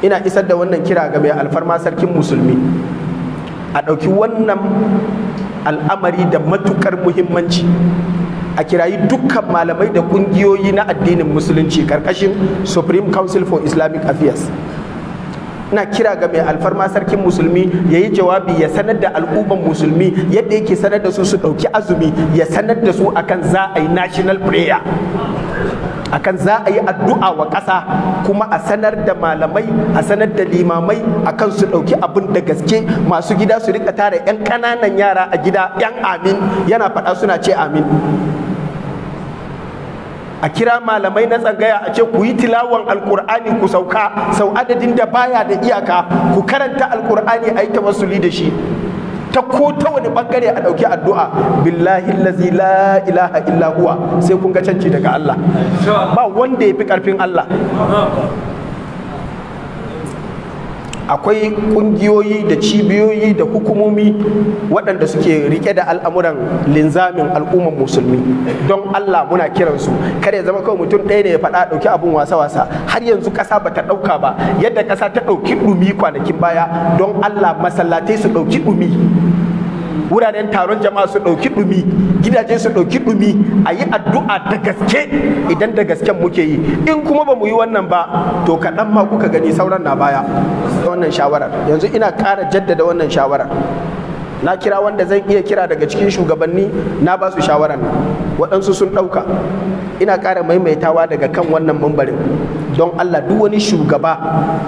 ina isar da wannan kira ga mai alfarma sarkin musulmi a ɗauki wannan al'amari da matukar muhimmanci a kirayi dukkan malamai da ƙungiyoyi na addinin musulunci karkashin supreme council for islamic affairs na kira ga mai alfarma sarkin musulmi ya yi jawabi ya sanar da al'umman musulmi yadda yake sanar da su su ɗauki azumi ya sanar da su akan za a yi national prayer akan za a yi addu'a wa ƙasa kuma a sanar da malamai a sanar da limamai akan su ɗauki abin da gaske masu gida su rika tara 'yan ƙananan yara a gida 'yan amin yana faɗa suna ce amin a kira malamai na tsangaya a ce ku yi tilawan alkur'ani ku sauka sau adadin da baya da iyaka ku karanta alkur'ani a yi tawassuli da shi ta ko ta wani bangare a ɗauki addu'a billahi lazi la ilaha illa huwa sai kun ga canci daga Allah ba wanda ya fi ƙarfin Allah akwai kungiyoyi da cibiyoyi da hukumomi waɗanda suke rike da al'amuran linzamin al'umman musulmi don Allah muna kiransu Kada ya zama kawai mutum ɗaya ne ya faɗa ɗauki abun wasa-wasa har yanzu ƙasa ba ta ɗauka ba yadda ƙasa ta ɗauki ɗumi kwanakin baya don Allah masallatai su ɗauki ɗumi wuraren taron jama'a su ɗauki ɗumi gidaje su ɗauki ɗumi a yi addu'a da gaske idan da gasken muke yi in kuma ba mu yi wannan ba to kaɗan ma kuka gani sauran na baya wannan shawarar yanzu ina ƙara jaddada wannan shawarar na kira wanda zan iya kira daga cikin shugabanni na ba su shawarar waɗansu sun ɗauka ina ƙara maimaitawa daga kan wannan mambarin don allah duk wani shugaba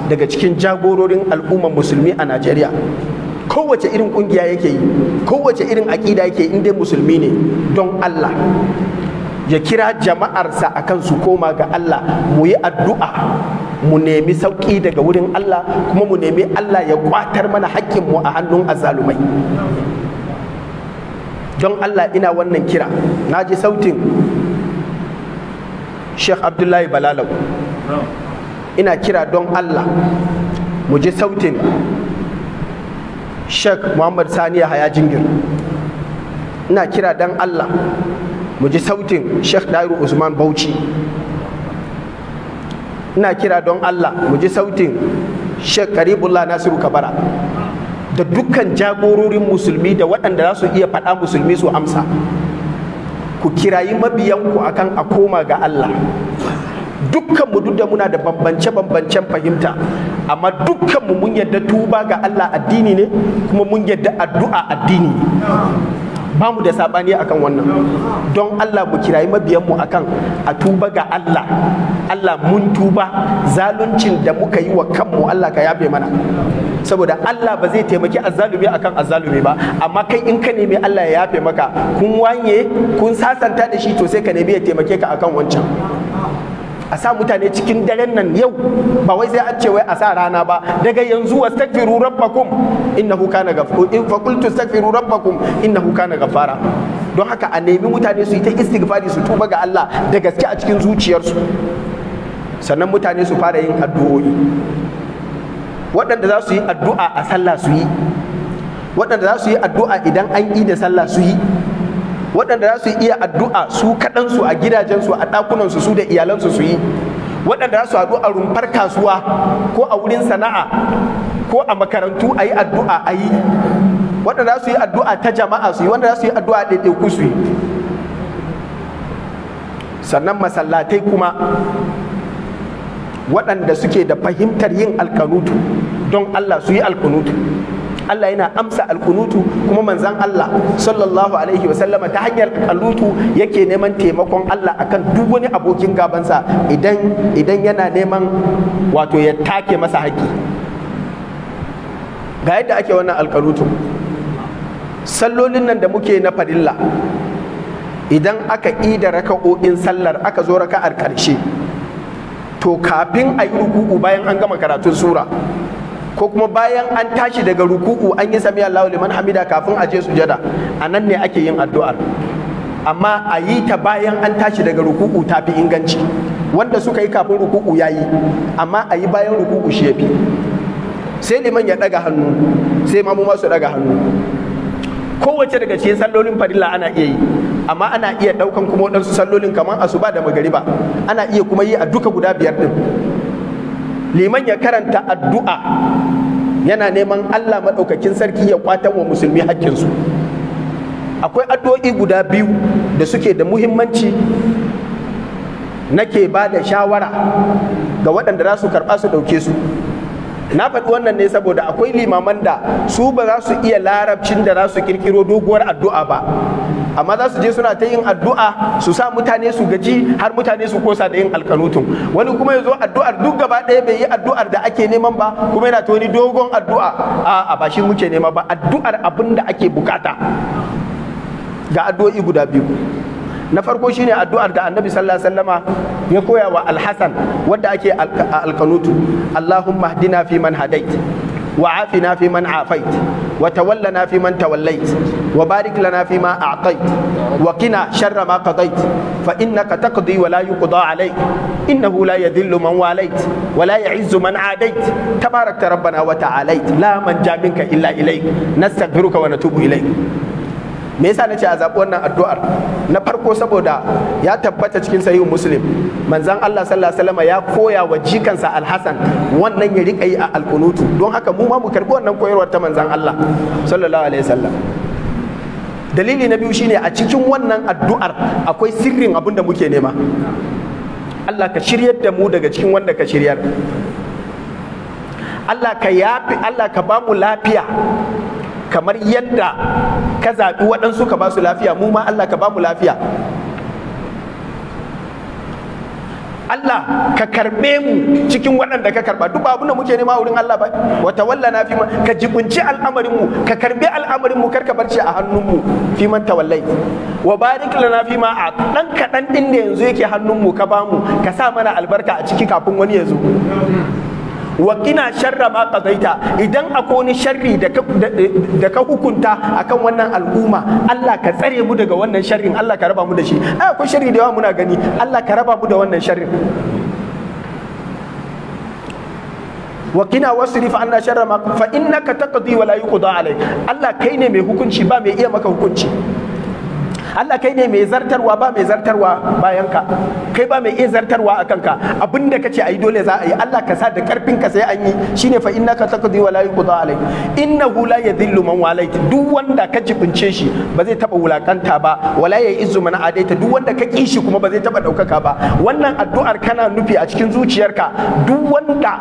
daga cikin jagororin al'ummar musulmi a najeriya kowace irin kungiya yake yi kowace irin aƙida yake in dai musulmi ne don Allah ya kira jama'arsa a kan su koma ga Allah mu yi addu'a mu nemi sauƙi daga wurin Allah kuma mu nemi Allah ya kwatar mana hakkinmu a hannun azalumai don Allah ina wannan kira na ji sautin Sheikh Abdullahi Balalau ina kira don Allah mu ji sautin Sheikh Muhammad Sani Yahaya Jingir ina kira dan Allah mu ji sautin Sheikh Dairu Usman Bauchi ina kira don Allah mu ji sautin Sheikh Karibullah Nasiru Kabara da dukkan jagororin musulmi da waɗanda za su iya faɗa musulmi su amsa ku kirayi mabiyanku akan a koma ga Allah dukkan mu duk da muna da bambance bambancen fahimta amma dukkan mu mun yadda tuba ga Allah addini ne kuma mun yadda addu'a addini ba mu da sabani akan wannan don Allah mu kirayi mabiyan mu akan a tuba ga Allah Allah mun tuba zaluncin da muka yi wa kanmu Allah ka yafe mana saboda Allah ba zai taimaki azzalumi akan azzalumi ba amma kai in ka nemi Allah ya yafe maka kun wanye kun sasanta da shi to sai ka nemi ya taimake ka akan wancan a sa mutane cikin daren nan yau ba wai sai an ce wai a sa rana ba daga yanzu wastaghfiru rabbakum innahu kana ghafur in fa qultu astaghfiru rabbakum innahu kana ghafara don haka a nemi mutane su yi ta istighfari su tuba ga Allah da gaske a cikin zuciyarsu sannan mutane su fara yin addu'o'i waɗanda za su yi addu'a a sallah su yi waɗanda za su yi addu'a idan an yi da sallah su yi waɗanda za su iya addu'a su kaɗansu a gidajensu a ɗakunansu su da iyalansu su yi waɗanda za su haɗu a rumfar kasuwa ko a wurin sana'a ko a makarantu a yi addu'a a yi waɗanda za su yi addu'a ta jama'a su yi wanda za su yi addu'a ɗaiɗaiku su yi sannan masallatai kuma waɗanda suke da fahimtar yin alkanutu don Allah su yi alkanutu Allah yana amsa alkunutu kuma manzan Allah sallallahu alaihi wa sallama ta hanyar alkunutu yake neman taimakon Allah akan duk wani abokin gabansa idan idan yana neman wato ya take masa haƙƙi ga yadda ake wannan alkunutu sallolin nan da muke na fadilla, idan aka ida raka'o'in sallar aka zo raka'ar ƙarshe to kafin ayi yi ruku'u bayan an gama karatun sura ko kuma bayan an tashi daga ruku'u an yi sami Allahu liman hamida kafin a je sujada a nan ne ake yin addu'ar amma a yi ta bayan an tashi daga ruku'u ta fi inganci wanda suka yi kafin ruku'u ya yi amma a yi bayan ruku'u shi ya fi sai liman ya ɗaga hannu sai mamu masu daga hannu kowace daga cikin sallolin farilla ana iya yi amma ana iya ɗaukan kuma waɗansu sallolin kamar asuba da magariba ana iya kuma yi a duka guda biyar ɗin liman ya karanta addu'a yana neman Allah maɗaukakin sarki ya kwatan wa musulmi haƙƙinsu akwai addu'o'i guda biyu da suke da muhimmanci nake ba da shawara ga waɗanda za su karɓa su ɗauke su na faɗi wannan ne saboda akwai limaman da su ba za su iya larabcin da za su kirkiro doguwar addu'a ba amma za su je suna ta yin addu'a su sa mutane su gaji har mutane su kosa da yin alkanutun wani kuma ya zo addu'ar duk gaba ɗaya bai yi addu'ar da ake neman ba kuma yana ta wani dogon addu'a a ba shi muke nema ba addu'ar abin da ake bukata ga addu'o'i guda biyu na farko shine addu'ar da annabi sallallahu alaihi wasallama ya koya wa Alhassan wadda ake alkanutu allahumma hdina fi man hadait وعافنا في من عافيت وتولنا في من توليت وبارك لنا فيما أعطيت وقنا شر ما قضيت فإنك تقضي ولا يقضى عليك إنه لا يذل من واليت ولا يعز من عاديت تبارك ربنا وتعاليت لا من جاء منك إلا إليك نستغفرك ونتوب إليك me yasa nace a zaɓi wannan addu'ar na farko saboda ya tabbata cikin sahihu muslim manzon Allah sallallahu alaihi wasallam ya koya wa jikansa alhasan wannan ya rika yi a alkunutu don haka mu ma mu karbi wannan koyarwar ta manzan Allah sallallahu alaihi wasallam dalili na biyu shine a cikin wannan addu'ar akwai sirrin abin da muke nema Allah ka shiryar da mu daga cikin wanda ka shiryar Allah ka yafi Allah ka ba mu lafiya kamar yadda ka zaɓi waɗansu ka ba su lafiya mu ma Allah ka ba mu lafiya Allah ka karɓe mu cikin waɗanda ka karɓa duk abin da muke nema wurin Allah ba wata walla na fi ka jibinci al'amarin mu ka karɓe al'amarin mu barci a hannun mu fi man tawallai wa barik lana fi ma a dan kaɗan ɗin da yanzu yake hannun mu ka bamu ka sa mana albarka a ciki kafin wani ya zo wa kina sharra ma qadaita idan akwai wani sharri da ka hukunta akan wannan al'umma Allah ka tsare mu daga wannan sharrin Allah ka raba mu da shi ai akwai sharri da yawa muna gani Allah ka raba mu da wannan sharrin wa kina wasrif anna sharra ma fa innaka taqdi wa la yuqda alai Allah kai ne mai hukunci ba mai iya maka hukunci Allah kai ne mai zartarwa ba mai zartarwa bayan ka kai ba mai iya zartarwa akan ka abinda kace ayi dole za a yi Allah ka sa da karfin ka sai an yi shine fa ka taqdi wa la yuqda alai innahu la yadhillu man walayt duk wanda ka jibince shi ba zai taba wulakanta ba wala ya izu man adaita duk wanda ka kishi kuma ba zai taba daukaka ba wannan addu'ar kana nufi a cikin zuciyarka duk wanda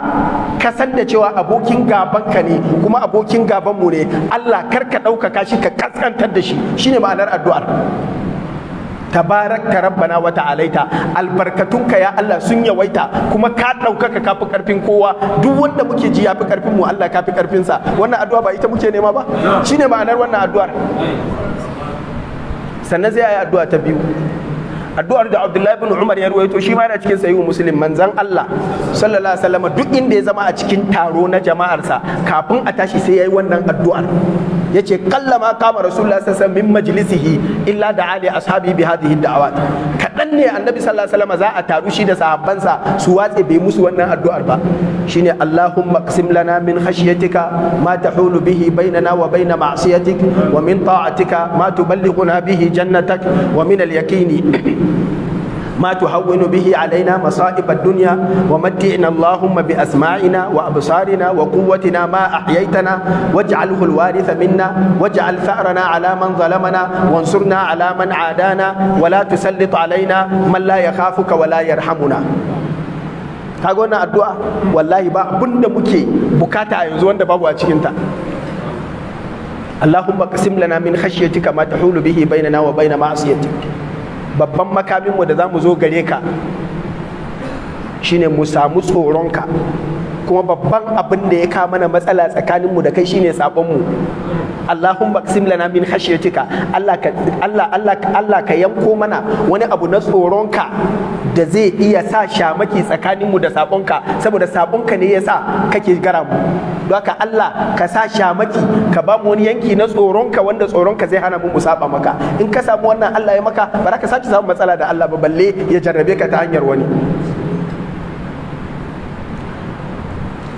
ka san da cewa abokin gaban ka ne kuma abokin gaban mu ne Allah kar ka daukaka shi ka kaskantar da shi shine ma'anar addu'ar Tabarak tabarakta rabbana wa ta'alaita albarkatunka ya Allah sun yawaita kuma ka ɗaukaka kafi karfin kowa duk wanda muke ji ya fi karfin mu Allah kafi karfin sa wannan addu'a ba ita muke nema ba shine ma'anar wannan addu'ar sannan zai yi addu'a ta biyu addu'ar da Abdullahi bin Umar ya ruwaito shi ma yana cikin sahihu Muslim manzan Allah sallallahu alaihi wasallam duk inda ya zama a cikin taro na jama'arsa kafin a tashi sai yayi wannan addu'ar yace kallama kama rasulullah sallallahu alaihi wasallam min majlisihi illa da ali ashabi bi hadhihi da'awat nan ne annabi sallallahu alaihi wasallam za a taru shi da sahabbansa su watse bai musu wannan addu'ar ba shine allahumma qsim lana min khashyatika ma tahulu bihi bainana wa baina ma'siyatik wa min ta'atika ma tuballighuna bihi jannatak wa min al-yaqini ما تهون به علينا مصائب الدنيا ومتعنا اللهم بأسماعنا وأبصارنا وقوتنا ما أحييتنا واجعله الوارث منا واجعل ثأرنا على من ظلمنا وانصرنا على من عادانا ولا تسلط علينا من لا يخافك ولا يرحمنا kaga wannan addu'a wallahi ba abin da muke bukata a yanzu wanda babu a cikinta Allahumma qasim lana min khashyatika ma tahulu bihi bainana wa bain ma'asiyatik babban makaminmu da za mu zo gare ka shine mu samu tsoronka kuma babban abin da ya ka mana matsala tsakanin mu da kai shine sabonmu Allahumma qsim lana min khashyatika Allah ka Allah Allah Allah ka yanko mana wani abu na tsoronka da zai iya sa shamaki tsakaninmu da sabonka saboda sabonka ne yasa kake gara mu don haka Allah ka sa shamaki ka ba mu wani yanki na tsoronka wanda tsoronka zai hana mu mu maka in ka samu wannan Allah ya maka baraka sace samu matsala da Allah ba balle ya jarrabe ka ta hanyar wani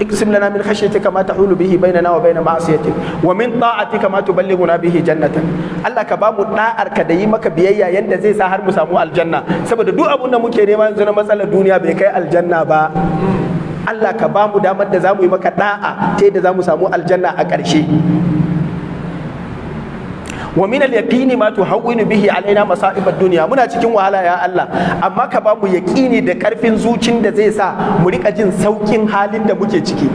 اقسم لنا من خشيتك ما تحول به بيننا وبين معصيتك ومن طاعتك ما تبلغنا به جنتك Allah ka bamu da'ar ka da yi maka biyayya yadda zai sa har mu samu aljanna saboda duk abun da muke nema yanzu na matsalar duniya bai kai aljanna ba Allah ka bamu damar da za mu yi maka da'a ta za mu samu aljanna a ƙarshe wa min al-yaqini ma tuhawwinu bihi alaina masa'ib ad-dunya muna cikin wahala ya Allah amma ka ba mu yaqini da karfin zucin da zai sa mu rika jin saukin halin da muke ciki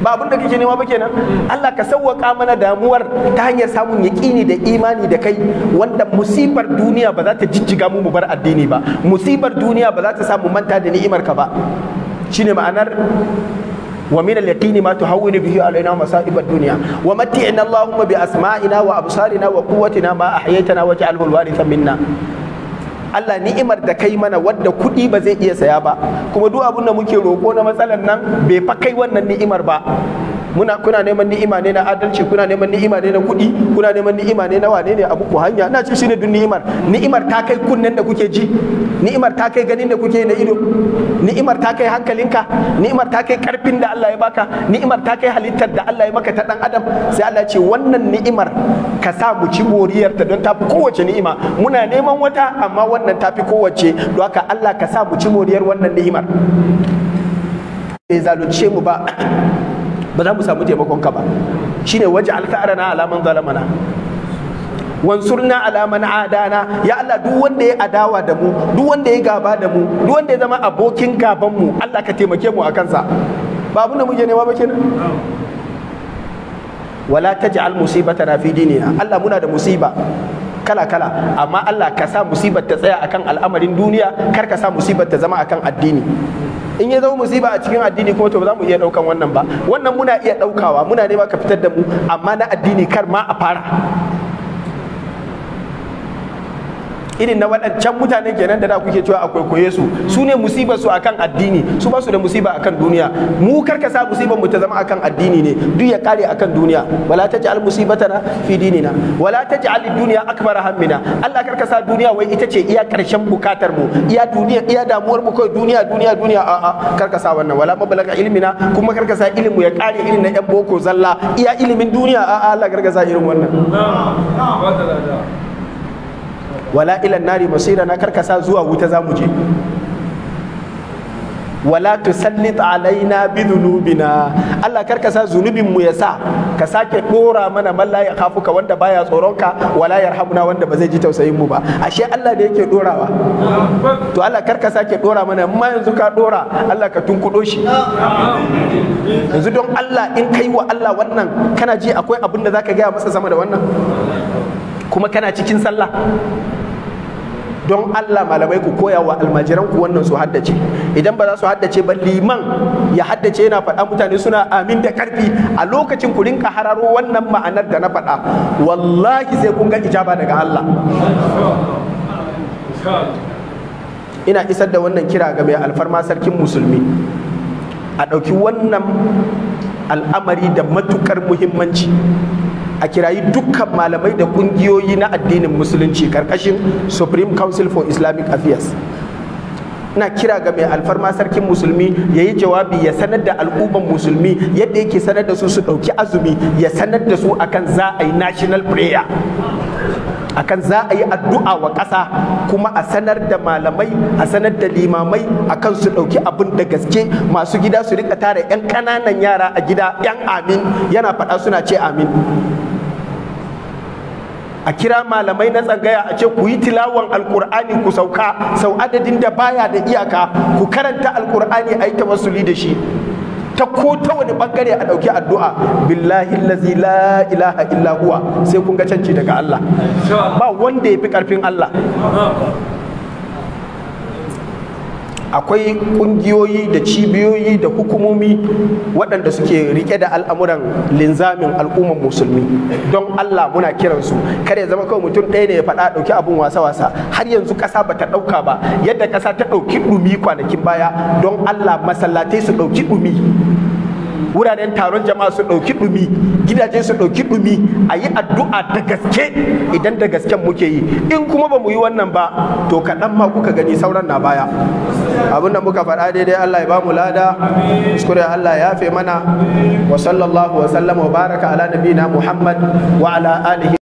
ba abin da kake nema ba kenan Allah ka sauwaka mana damuwar ta hanyar samun yaqini da imani da kai wanda musibar duniya ba za ta jijjiga mu mu bar addini ba musibar duniya ba za ta sa mu manta da ni'imar ka ba shine ma'anar ومن اليقين ما تهون به علينا مصائب الدنيا ومتعنا اللهم بأسمائنا وأبصارنا وقوتنا ما أحييتنا واجعله الوارث منا Allah ni'imar da kai mana wadda kuɗi ba zai iya saya ba kuma duk abin da muke roƙo na matsalar nan bai fa kai wannan ni'imar ba muna kuna neman ni'ima ne na adalci kuna neman ni'ima ne na kuɗi kuna neman ni'ima ne na wane ne abu ku hanya na ce shine dun ni'imar ni'imar ta kai kunnen da kuke ji ni'imar ta kai ganin da kuke na ido ni'imar ta kai hankalinka ni'imar ta kai karfin da Allah ya baka ni'imar ta kai halittar da Allah ya maka ta dan adam sai Allah ya ce wannan ni'imar ka sa mu ci moriyar ta don ta fi kowace ni'ima muna neman wata amma wannan tafi fi kowace don haka Allah ka sa mu ci moriyar wannan ni'imar bai zalunce mu ba ba za mu samu taimakon ka ba shine waje alka'arana alaman zalamana wansurna alaman adana ya Allah duk wanda ya adawa da mu duk wanda ya gaba da mu duk wanda ya zama abokin gaban mu Allah ka taimake mu akan sa ba abin da muke nema ba kenan wala taj'al musibatana fi dinina Allah muna da musiba kala-kala amma Allah ka sa musibar ta tsaya akan al'amarin duniya kar ka sa musibar ta zama akan addini in ya zama musiba a cikin addini kuma to ba za mu iya daukan wannan ba wannan muna iya daukawa muna nema ka fitar da mu amma na addini kar ma a fara irin na waɗancan mutane kenan da da kuke cewa a kwaikwaye su su ne musibar su akan addini su ba su da musiba akan duniya mu karka sa musibar mu ta zama akan addini ne duk ya kare akan duniya wala taj'al musibatana fi dinina wala taj'al dunya akbar hammina Allah karka sa duniya wai ita ce iya karshen bukatar mu iya duniya iya damuwar mu kai duniya duniya duniya a a karka sa wannan wala mabalaga ilmina kuma karka sa ilmu ya kare irin na yan boko zalla iya ilimin duniya a a Allah karka sa irin wannan wala ilan nari masira na karkasa zuwa wuta za mu je wala tusallit alaina bi dhunubina Allah karka sa zunubin mu yasa ka sake dora mana man la yakhafuka wanda baya tsoronka wala yarhamuna wanda ba zai ji tausayin mu ba ashe Allah da yake dorawa to Allah karka sake dora mana amma yanzu ka dora Allah ka tunkudo shi yanzu don Allah in kai wa Allah wannan kana ji akwai abin zaka gaya masa sama da wannan kuma kana cikin sallah don Allah malamai ku koya wa almajiran ku wannan su haddace idan ba za su haddace ba liman ya haddace yana faɗa mutane suna amin da karfi a lokacin ku rinka hararo wannan ma'anar da na faɗa wallahi sai kun ga ijaba daga Allah ina isar da wannan kira ga mai alfarma sarkin musulmi a ɗauki wannan al'amari da matukar muhimmanci a kirayi dukkan malamai da kungiyoyi na addinin musulunci karkashin supreme council for islamic affairs na kira ga mai alfarma sarkin musulmi ya yi jawabi ya sanar da al'ummar musulmi yadda yake sanar da su su ɗauki azumi ya sanar da su akan za a yi national prayer akan za a yi addu'a wa ƙasa kuma a sanar da malamai a sanar da limamai akan su ɗauki abin da gaske masu gida su rika tara 'yan ƙananan yara a gida 'yan amin yana faɗa suna ce amin a kira malamai na tsangaya a ce ku yi tilawan alkur'ani ku sauka sau adadin da baya da iyaka ku karanta alkur'ani a yi masuli da shi ta ko ta wani bangare a ɗauki addu'a billahi lazi la ilaha illa sai kun ga canci daga Allah ba wanda ya fi ƙarfin Allah akwai kungiyoyi da cibiyoyi da hukumomi waɗanda suke rike da al'amuran linzamin al'umman musulmi don Allah muna kiransu kar ya zama kawai mutum ɗaya ne ya faɗa ɗauki abun wasa-wasa har yanzu ƙasa ba ta ɗauka ba yadda ƙasa ta ɗauki ɗumi kwanakin baya don Allah masallatai su ɗauki ɗumi wuraren taron jama'a su ɗauki ɗumi gidaje su ɗauki ɗumi a yi addu'a da gaske idan da gasken muke yi in kuma ba mu yi wannan ba to kaɗan ma kuka gani sauran na baya abinda muka faɗa daidai Allah ya bamu lada kuskure Allah ya fe mana wa sallallahu wa baraka ala nabina Muhammad wa ala alihi